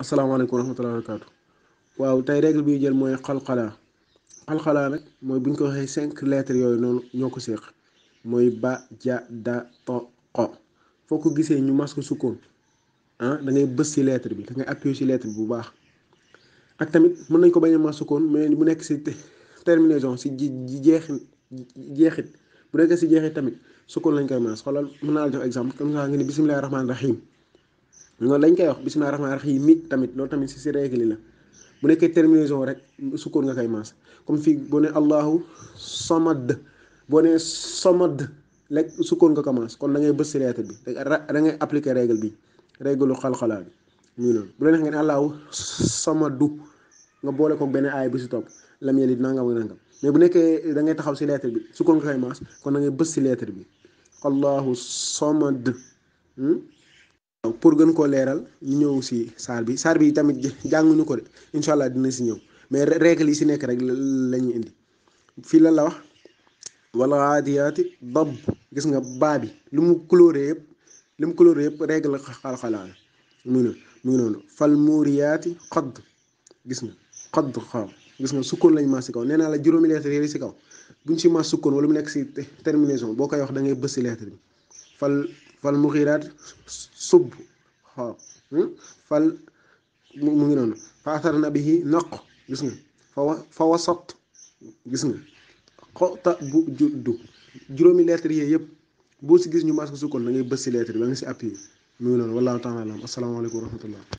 asalaamaaleykum wa rahmatulah waaw tey règle bi jël mooy xalxalaa xalxalaa nag mooy bu ko waxee cinq lettres yooyu noonu ñoo ko séq mooy ba ja da to xo foo ko gisee ñu mas ko sukkoon ah bës ci lettre bi da ngay appuyer ci lettre bi bu baax ak tamit mën nañ ko bañ a mas sukkoon mais bu nekk ci terminaison ci ji jeexin jeexit bu nekk ci jeexit tamit sukkoon lañ koy mas xoolal mën naa la jox exemple comme ngi nga ni bisimilah rahmaani rahim. loolu lañ koy wax bisimilah rahmaani rahiim mi tamit loo tamit si si règle la bu nekkee terminaison rek sukkoon nga koy maas comme fii boo ne Allahu samad boo nee samad rek sukkoon nga ko maas kon da ngay bës si lettre bi da ngay appliquer règle bi règle xal-xalaa bi muy loolu bu la neex nga ne Allahu samadu nga boole ko benn aay bi si topp lam yalid nangam nangam mais bu nekkee da ngay taxaw si lettre bi sukkoon nga koy maas kon na ngay bës si lettre bi Allahu samad. Hmm? donc pour gën koo leeral ñu ñëw si saar bi saar bi tamit jànguñu ko de incha allah dina si ñëw mais règle yi ci nekk rek lañu indi fii lan la wax wala aadiyaati dab gis nga baa bi lu mu coloré yëpp lu mu coloré yëpp règle xalxalaan mu ngi mu ngi noonu fal muuriyaati xodd gis nga xodd xaw gis nga sukkoon lañ mas si kaw nee naa la juróomi lettre yi si kaw buñ si mas sukkoon wala mu nekk si terminaison boo koy wax da bës si lettre bi fal muxiraat sub xool hmm? fal mu ngi noonu fa asarna bihi naq gis nga fa fa wasat gis nga xota bu ju juróomi lettre yee yëpp boo si gis ñu mas ko sukkoon da ngay bës si lettre bi da nga si appuyé mu ngi noonu walla taala alam asalaamaaleykum wa rahmatullah